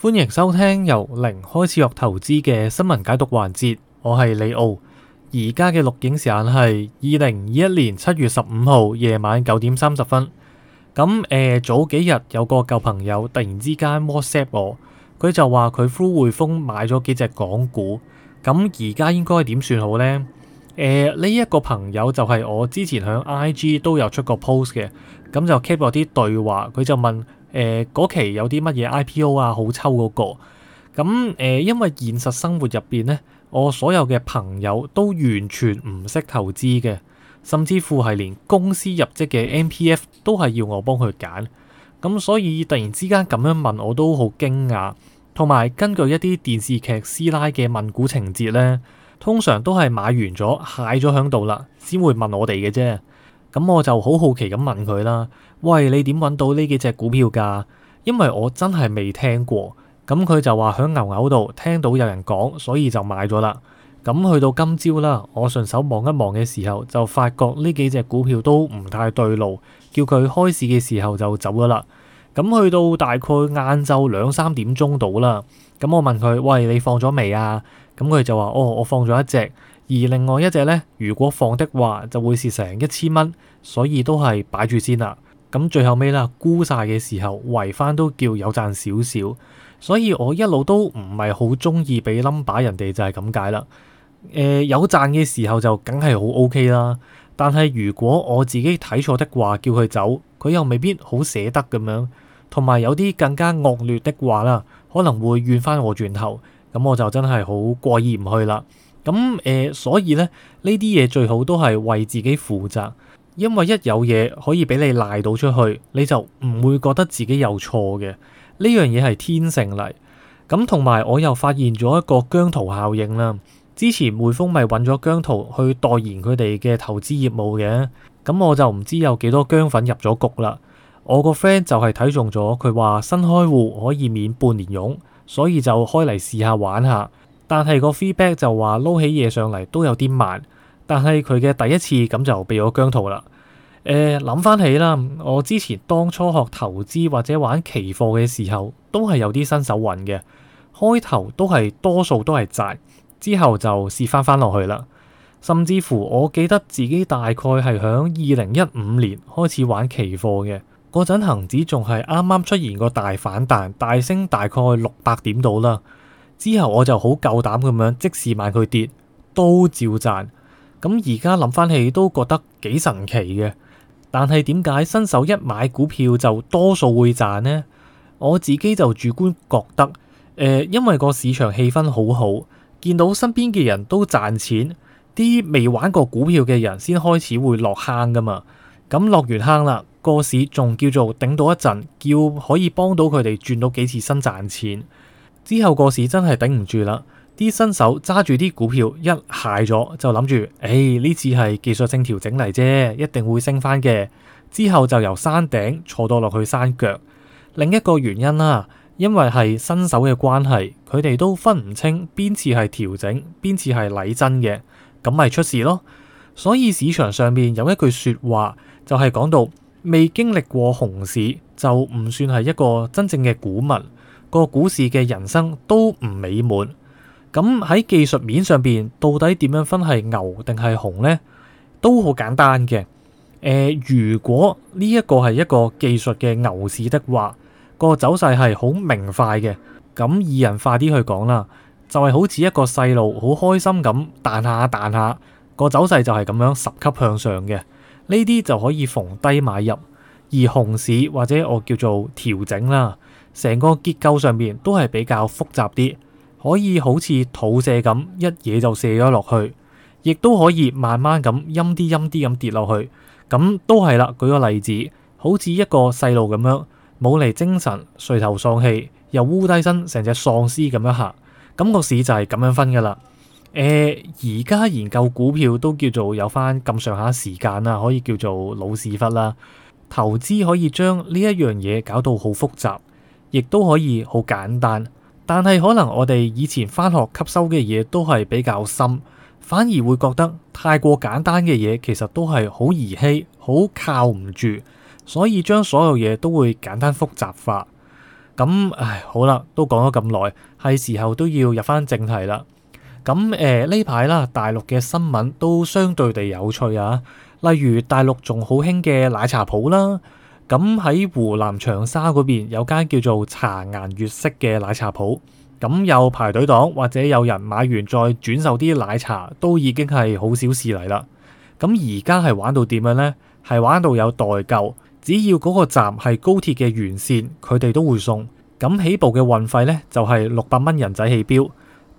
歡迎收聽由零開始學投資嘅新聞解讀環節，我係李奧。而家嘅錄影時間係二零二一年七月十五號夜晚九點三十分。咁、嗯、誒，早、呃、幾日有個舊朋友突然之間 WhatsApp 我，佢就話佢 through 匯豐買咗幾隻港股，咁而家應該點算好呢？誒、嗯，呢、這、一個朋友就係我之前響 IG 都有出過 post 嘅，咁、嗯、就 keep 咗啲對話，佢就問。嗰、呃、期有啲乜嘢 IPO 啊，好抽嗰、那個。咁、嗯、誒、呃，因為現實生活入邊呢，我所有嘅朋友都完全唔識投資嘅，甚至乎係連公司入職嘅 MPF 都係要我幫佢揀。咁、嗯、所以突然之間咁樣問我都好驚訝。同埋根據一啲電視劇師奶嘅問股情節呢，通常都係買完咗蟹咗喺度啦，先會問我哋嘅啫。咁我就好好奇咁問佢啦，喂，你點揾到呢幾隻股票噶？因為我真係未聽過。咁佢就話喺牛牛度聽到有人講，所以就買咗啦。咁去到今朝啦，我順手望一望嘅時候，就發覺呢幾隻股票都唔太對路，叫佢開市嘅時候就走咗啦。咁去到大概晏晝兩三點鐘到啦，咁我問佢，喂，你放咗未啊？咁佢就話，哦，我放咗一隻。而另外一隻呢，如果放的話，就會蝕成一千蚊，所以都係擺住先啦。咁最後尾啦，沽晒嘅時候，圍翻都叫有賺少少，所以我一路都唔係好中意俾冧把人哋就係、是、咁解啦。誒、呃，有賺嘅時候就梗係好 OK 啦，但係如果我自己睇錯的話，叫佢走，佢又未必好捨得咁樣，同埋有啲更加惡劣的話啦，可能會怨返我轉頭，咁我就真係好過意唔去啦。咁誒、嗯呃，所以咧呢啲嘢最好都係為自己負責，因為一有嘢可以俾你賴到出去，你就唔會覺得自己有錯嘅。呢樣嘢係天性嚟。咁同埋我又發現咗一個姜濤效應啦。之前匯豐咪揾咗姜濤去代言佢哋嘅投資業務嘅，咁、嗯、我就唔知有幾多姜粉入咗局啦。我個 friend 就係睇中咗，佢話新開戶可以免半年傭，所以就開嚟試下玩下。但係個 feedback 就話撈起嘢上嚟都有啲慢，但係佢嘅第一次咁就俾咗姜吐啦。誒，諗翻起啦，我之前當初學投資或者玩期貨嘅時候，都係有啲新手運嘅，開頭都係多數都係賺，之後就試翻翻落去啦。甚至乎，我記得自己大概係響二零一五年開始玩期貨嘅嗰陣，恒指仲係啱啱出現個大反彈，大升大概六百點度啦。之後我就好夠膽咁樣，即使買佢跌都照賺。咁而家諗翻起都覺得幾神奇嘅。但係點解新手一買股票就多數會賺呢？我自己就主觀覺得，呃，因為個市場氣氛好好，見到身邊嘅人都賺錢，啲未玩過股票嘅人先開始會落坑㗎嘛。咁落完坑啦，個市仲叫做頂到一陣，叫可以幫到佢哋轉到幾次身賺錢。之後個市真係頂唔住啦，啲新手揸住啲股票一蟹咗就諗住，誒、哎、呢次係技術性調整嚟啫，一定會升翻嘅。之後就由山頂坐到落去山腳。另一個原因啦，因為係新手嘅關係，佢哋都分唔清邊次係調整，邊次係禮真嘅，咁咪出事咯。所以市場上面有一句說話，就係、是、講到未經歷過熊市就唔算係一個真正嘅股民。個股市嘅人生都唔美滿，咁喺技術面上邊到底點樣分係牛定係熊呢？都好簡單嘅。誒、呃，如果呢一個係一個技術嘅牛市的話，個走勢係好明快嘅。咁擬人化啲去講啦，就係、是、好似一個細路好開心咁彈下彈下，個走勢就係咁樣十級向上嘅。呢啲就可以逢低買入。而熊市或者我叫做調整啦，成個結構上面都係比較複雜啲，可以好似土射咁一嘢就射咗落去，亦都可以慢慢咁陰啲陰啲咁跌落去，咁都係啦。舉個例子，好似一個細路咁樣冇嚟精神，垂頭喪氣，又烏低身，成隻喪屍咁樣行。咁個市就係咁樣分噶啦。誒、呃，而家研究股票都叫做有翻咁上下時間啦，可以叫做老屎忽啦。投資可以將呢一樣嘢搞到好複雜。亦都可以好簡單，但係可能我哋以前返學吸收嘅嘢都係比較深，反而會覺得太過簡單嘅嘢其實都係好兒戲，好靠唔住，所以將所有嘢都會簡單複雜化。咁唉，好啦，都講咗咁耐，係時候都要入返正題啦。咁誒呢排啦，大陸嘅新聞都相對地有趣啊，例如大陸仲好興嘅奶茶鋪啦。咁喺湖南長沙嗰邊有間叫做茶顏悅色嘅奶茶鋪，咁有排隊檔或者有人買完再轉售啲奶茶，都已經係好小事嚟啦。咁而家係玩到點樣呢？係玩到有代購，只要嗰個站係高鐵嘅沿線，佢哋都會送。咁起步嘅運費呢，就係六百蚊人仔起標，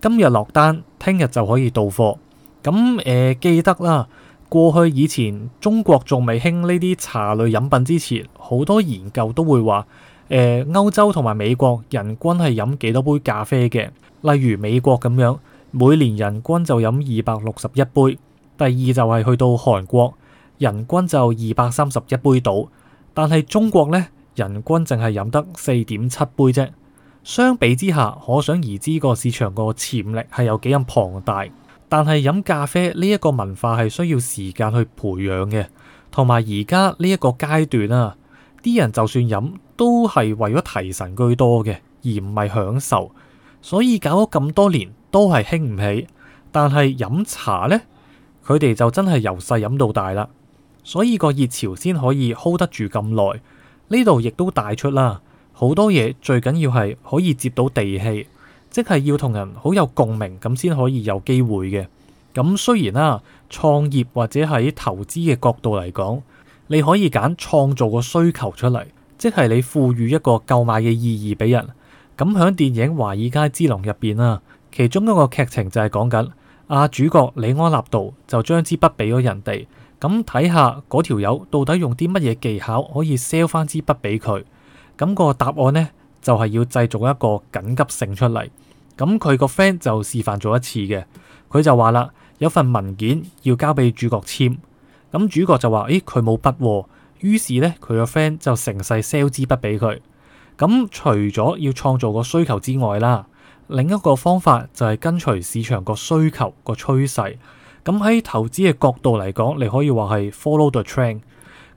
今日落單，聽日就可以到貨。咁誒、呃、記得啦。過去以前中國仲未興呢啲茶類飲品之前，好多研究都會話，誒、呃、歐洲同埋美國人均係飲幾多杯咖啡嘅，例如美國咁樣，每年人均就飲二百六十一杯。第二就係去到韓國，人均就二百三十一杯度。但係中國呢，人均淨係飲得四點七杯啫。相比之下，可想而知個市場個潛力係有幾咁龐大。但係飲咖啡呢一個文化係需要時間去培養嘅，同埋而家呢一個階段啊，啲人就算飲都係為咗提神居多嘅，而唔係享受。所以搞咗咁多年都係興唔起。但係飲茶呢，佢哋就真係由細飲到大啦，所以個熱潮先可以 hold 得住咁耐。呢度亦都帶出啦，好多嘢最緊要係可以接到地氣。即係要同人好有共鳴，咁先可以有機會嘅。咁雖然啦、啊，創業或者喺投資嘅角度嚟講，你可以揀創造個需求出嚟，即係你賦予一個購買嘅意義俾人。咁喺電影《華爾街之狼》入邊啊，其中一個劇情就係講緊阿主角李安納度就將支筆俾咗人哋，咁睇下嗰條友到底用啲乜嘢技巧可以 sell 翻支筆俾佢。咁、那個答案呢？就係要製造一個緊急性出嚟咁，佢個 friend 就示範咗一次嘅。佢就話啦，有份文件要交俾主角簽咁，主角就話：咦、哎，佢冇筆。於是咧，佢個 friend 就成世 sell 支筆俾佢。咁除咗要創造個需求之外啦，另一個方法就係跟隨市場個需求個趨勢。咁喺投資嘅角度嚟講，你可以話係 follow the trend。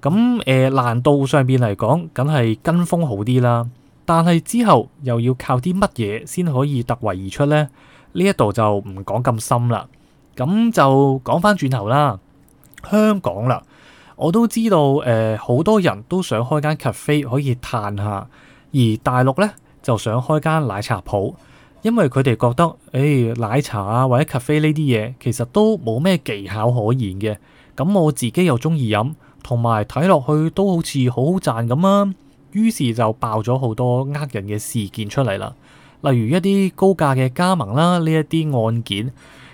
咁、呃、誒難度上邊嚟講，梗係跟風好啲啦。但係之後又要靠啲乜嘢先可以突圍而出呢？呢一度就唔講咁深啦。咁就講翻轉頭啦，香港啦，我都知道誒，好、呃、好多人都想開間 cafe 可以嘆下，而大陸呢就想開間奶茶鋪，因為佢哋覺得誒、哎、奶茶啊或者 cafe 呢啲嘢其實都冇咩技巧可言嘅。咁我自己又中意飲，同埋睇落去都好似好好賺咁啊！於是就爆咗好多呃人嘅事件出嚟啦，例如一啲高價嘅加盟啦，呢一啲案件。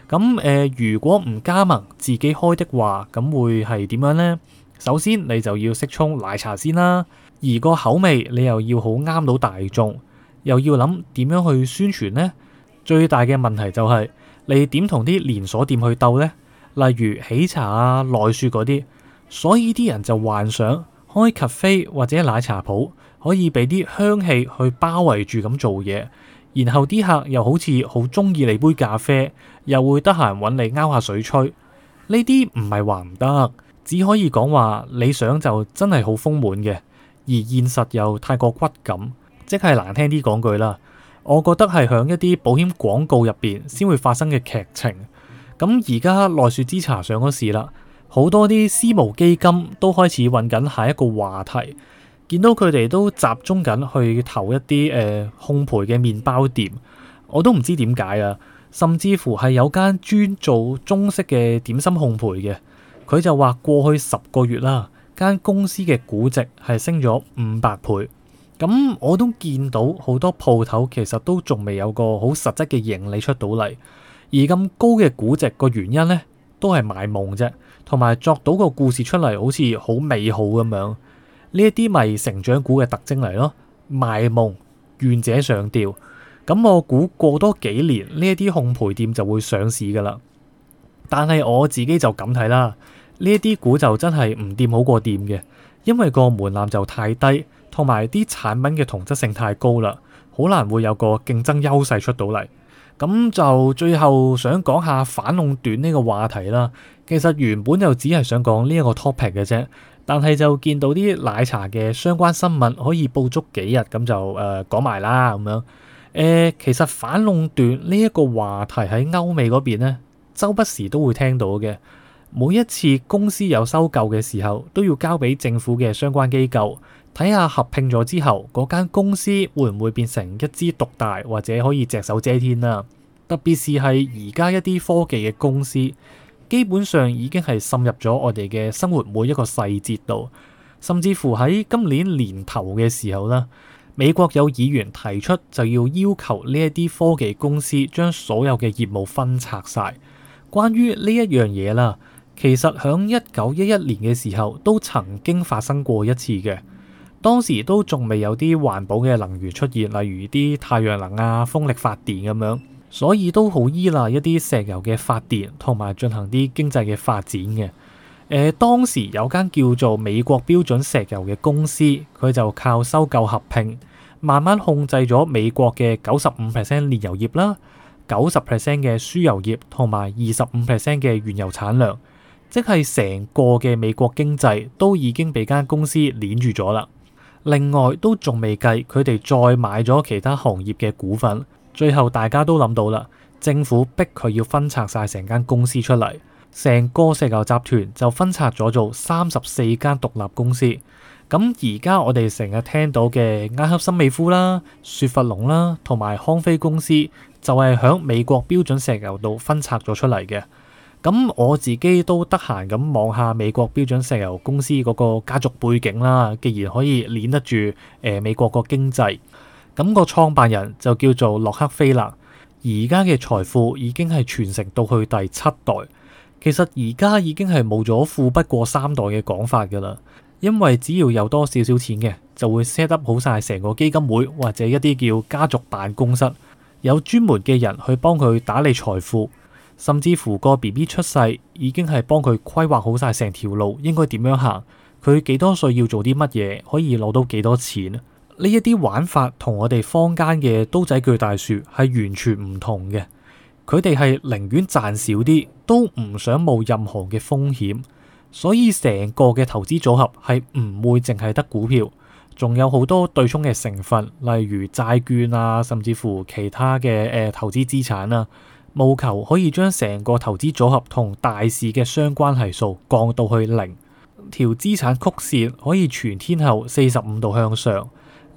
咁誒、呃，如果唔加盟自己開的話，咁會係點樣呢？首先你就要識沖奶茶先啦，而個口味你又要好啱到大眾，又要諗點樣去宣傳呢？最大嘅問題就係、是、你點同啲連鎖店去鬥呢？例如喜茶啊、奈雪嗰啲，所以啲人就幻想，開 cafe 或者奶茶鋪可以俾啲香氣去包圍住咁做嘢，然後啲客又好似好中意你杯咖啡，又會得閒揾你勾下水吹。呢啲唔係話唔得，只可以講話理想就真係好豐滿嘅，而現實又太過骨感，即係難聽啲講句啦。我覺得係響一啲保險廣告入邊先會發生嘅劇情。咁而家奈雪之茶上嗰時啦。好多啲私募基金都開始揾緊下一個話題，見到佢哋都集中緊去投一啲誒烘焙嘅麵包店，我都唔知點解啊。甚至乎係有間專做中式嘅點心烘焙嘅，佢就話過去十個月啦，間公司嘅估值係升咗五百倍。咁我都見到好多鋪頭其實都仲未有個好實質嘅盈利出到嚟，而咁高嘅估值個原因呢，都係賣夢啫。同埋作到個故事出嚟，好似好美好咁樣，呢一啲咪成長股嘅特徵嚟咯。賣夢願者上吊，咁我估過多幾年呢一啲烘焙店就會上市噶啦。但係我自己就咁睇啦，呢一啲股就真係唔掂好過掂嘅，因為個門檻就太低，同埋啲產品嘅同質性太高啦，好難會有個競爭優勢出到嚟。咁就最後想講下反壟斷呢個話題啦。其實原本就只係想講呢一個 topic 嘅啫，但係就見到啲奶茶嘅相關新聞可以報足幾日，咁就誒講埋啦。咁樣誒、呃，其實反壟斷呢一個話題喺歐美嗰邊咧，周不時都會聽到嘅。每一次公司有收購嘅時候，都要交俾政府嘅相關機構睇下合併咗之後嗰間公司會唔會變成一枝獨大，或者可以隻手遮天啦、啊。特別是係而家一啲科技嘅公司。基本上已經係滲入咗我哋嘅生活每一個細節度，甚至乎喺今年年頭嘅時候啦，美國有議員提出就要要求呢一啲科技公司將所有嘅業務分拆晒。關於呢一樣嘢啦，其實響一九一一年嘅時候都曾經發生過一次嘅，當時都仲未有啲環保嘅能源出現，例如啲太陽能啊、風力發電咁樣。所以都好依賴一啲石油嘅發電同埋進行啲經濟嘅發展嘅。誒、呃、當時有間叫做美國標準石油嘅公司，佢就靠收購合併，慢慢控制咗美國嘅九十五 percent 煉油業啦，九十 percent 嘅輸油業同埋二十五 percent 嘅原油產量，即係成個嘅美國經濟都已經被間公司攬住咗啦。另外都仲未計佢哋再買咗其他行業嘅股份。最後大家都諗到啦，政府逼佢要分拆晒成間公司出嚟，成個石油集團就分拆咗做三十四間獨立公司。咁而家我哋成日聽到嘅埃克森美孚啦、雪佛龍啦，同埋康菲公司，就係響美國標準石油度分拆咗出嚟嘅。咁我，我自己都得閒咁望下美國標準石油公司嗰個家族背景啦，既然可以連得住誒美國個經濟。咁個創辦人就叫做洛克菲勒，而家嘅財富已經係傳承到去第七代。其實而家已經係冇咗富不過三代嘅講法噶啦，因為只要有多少少錢嘅，就會 set 得好晒成個基金會或者一啲叫家族辦公室，有專門嘅人去幫佢打理財富，甚至乎個 BB 出世已經係幫佢規劃好晒成條路應該點樣行，佢幾多歲要做啲乜嘢，可以攞到幾多錢。呢一啲玩法同我哋坊間嘅刀仔鋸大樹係完全唔同嘅。佢哋係寧願賺少啲，都唔想冒任何嘅風險。所以成個嘅投資組合係唔會淨係得股票，仲有好多對沖嘅成分，例如債券啊，甚至乎其他嘅誒、呃、投資資產啊，務求可以將成個投資組合同大市嘅相關係數降到去零，條資產曲線可以全天候四十五度向上。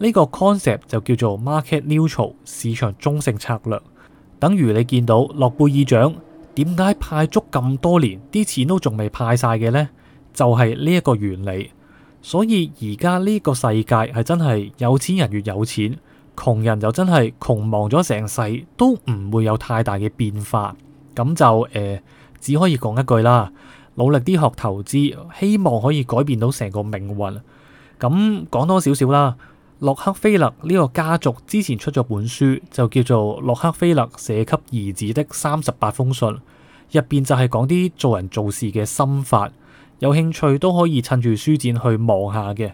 呢個 concept 就叫做 market neutral 市場中性策略，等於你見到諾貝爾獎點解派足咁多年啲錢都仲未派晒嘅呢？就係呢一個原理。所以而家呢個世界係真係有錢人越有錢，窮人就真係窮忙咗成世都唔會有太大嘅變化。咁就誒、呃，只可以講一句啦，努力啲學投資，希望可以改變到成個命運。咁講多少少啦～洛克菲勒呢個家族之前出咗本書，就叫做《洛克菲勒寫給兒子的三十八封信》，入邊就係講啲做人做事嘅心法。有興趣都可以趁住書展去望下嘅。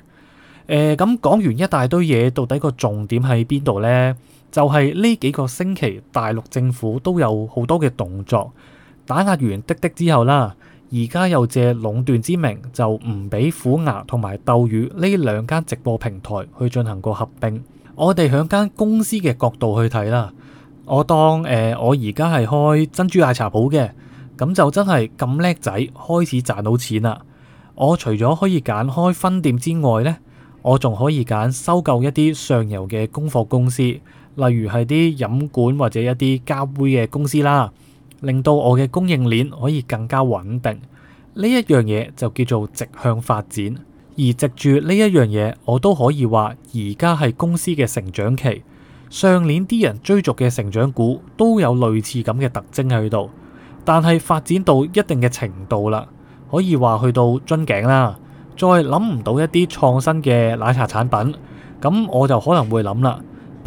誒，咁講完一大堆嘢，到底個重點喺邊度呢？就係呢幾個星期，大陸政府都有好多嘅動作，打壓完滴滴之後啦。而家又借壟斷之名，就唔俾虎牙同埋鬥魚呢兩間直播平台去進行個合併。我哋響間公司嘅角度去睇啦，我當誒、呃、我而家係開珍珠奶茶鋪嘅，咁就真係咁叻仔，開始賺到錢啦。我除咗可以揀開分店之外呢，我仲可以揀收購一啲上游嘅供貨公司，例如係啲飲管或者一啲膠杯嘅公司啦。令到我嘅供應鏈可以更加穩定，呢一樣嘢就叫做直向發展。而藉住呢一樣嘢，我都可以話而家係公司嘅成長期。上年啲人追逐嘅成長股都有類似咁嘅特徵喺度，但係發展到一定嘅程度啦，可以話去到樽頸啦，再諗唔到一啲創新嘅奶茶產品，咁我就可能會諗啦。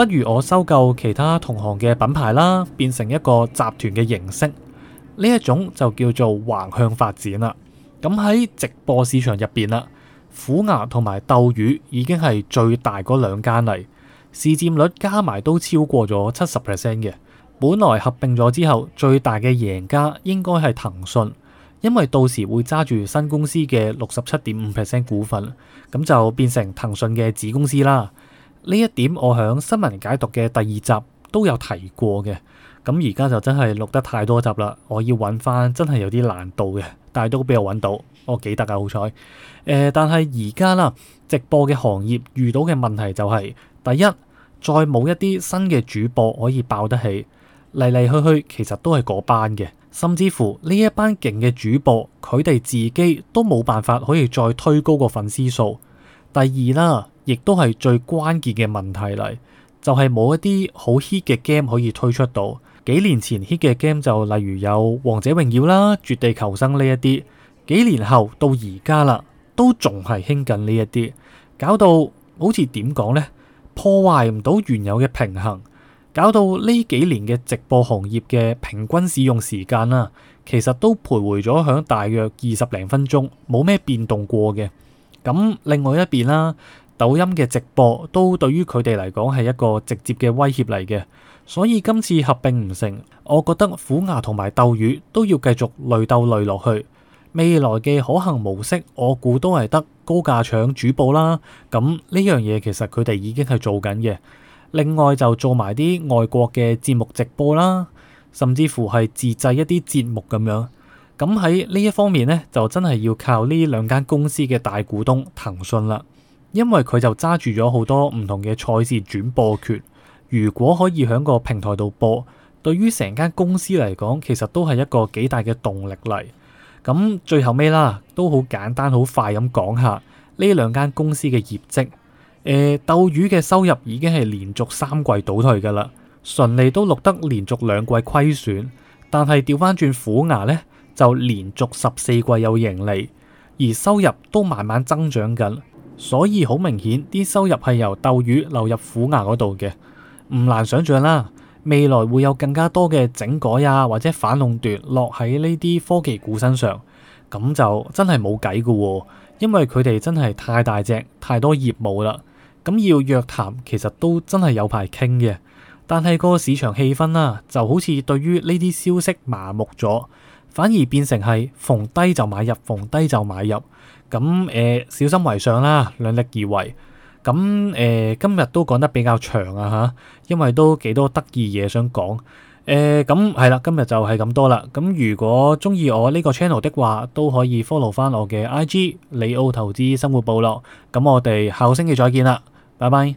不如我收購其他同行嘅品牌啦，變成一個集團嘅形式，呢一種就叫做橫向發展啦。咁喺直播市場入邊啦，虎牙同埋鬥魚已經係最大嗰兩間嚟，市佔率加埋都超過咗七十 percent 嘅。本來合併咗之後，最大嘅贏家應該係騰訊，因為到時會揸住新公司嘅六十七點五 percent 股份，咁就變成騰訊嘅子公司啦。呢一點我響新聞解讀嘅第二集都有提過嘅，咁而家就真係錄得太多集啦，我要揾翻真係有啲難度嘅，但係都俾我揾到，我記得噶好彩，呃。但係而家啦，直播嘅行業遇到嘅問題就係、是，第一，再冇一啲新嘅主播可以爆得起，嚟嚟去去，其實都係嗰班嘅，甚至乎呢一班勁嘅主播，佢哋自己都冇辦法可以再推高個粉絲數。第二啦。亦都係最關鍵嘅問題嚟，就係冇一啲好 hit 嘅 game 可以推出到。幾年前 hit 嘅 game 就例如有《王者榮耀》啦、《絕地求生》呢一啲，幾年後到而家啦，都仲係興緊呢一啲，搞到好似點講呢？破壞唔到原有嘅平衡，搞到呢幾年嘅直播行業嘅平均使用時間啦，其實都徘徊咗響大約二十零分鐘，冇咩變動過嘅。咁另外一邊啦。抖音嘅直播都對於佢哋嚟講係一個直接嘅威脅嚟嘅，所以今次合併唔成，我覺得虎牙同埋鬥魚都要繼續累鬥累落去。未來嘅可行模式，我估都係得高價搶主播啦。咁呢樣嘢其實佢哋已經係做緊嘅。另外就做埋啲外國嘅節目直播啦，甚至乎係自製一啲節目咁樣。咁喺呢一方面呢，就真係要靠呢兩間公司嘅大股東騰訊啦。因為佢就揸住咗好多唔同嘅賽事轉播權。如果可以響個平台度播，對於成間公司嚟講，其實都係一個幾大嘅動力嚟。咁、嗯、最後尾啦，都好簡單，好快咁講下呢兩間公司嘅業績。誒、呃，鬥魚嘅收入已經係連續三季倒退噶啦，順利都錄得連續兩季虧損。但係調翻轉虎牙呢，就連續十四季有盈利，而收入都慢慢增長緊。所以好明顯，啲收入係由鬥魚流入虎牙嗰度嘅，唔難想象啦。未來會有更加多嘅整改啊，或者反壟斷落喺呢啲科技股身上，咁就真係冇計㗎喎。因為佢哋真係太大隻，太多業務啦，咁要約談其實都真係有排傾嘅。但係個市場氣氛啦、啊，就好似對於呢啲消息麻木咗，反而變成係逢低就買入，逢低就買入。咁誒、呃、小心為上啦，量力而為。咁誒、呃、今日都講得比較長啊，嚇，因為都幾多得意嘢想講。誒咁係啦，今日就係咁多啦。咁如果鍾意我呢個 channel 的話，都可以 follow 翻我嘅 IG 李奧投資生活部落。咁我哋下個星期再見啦，拜拜。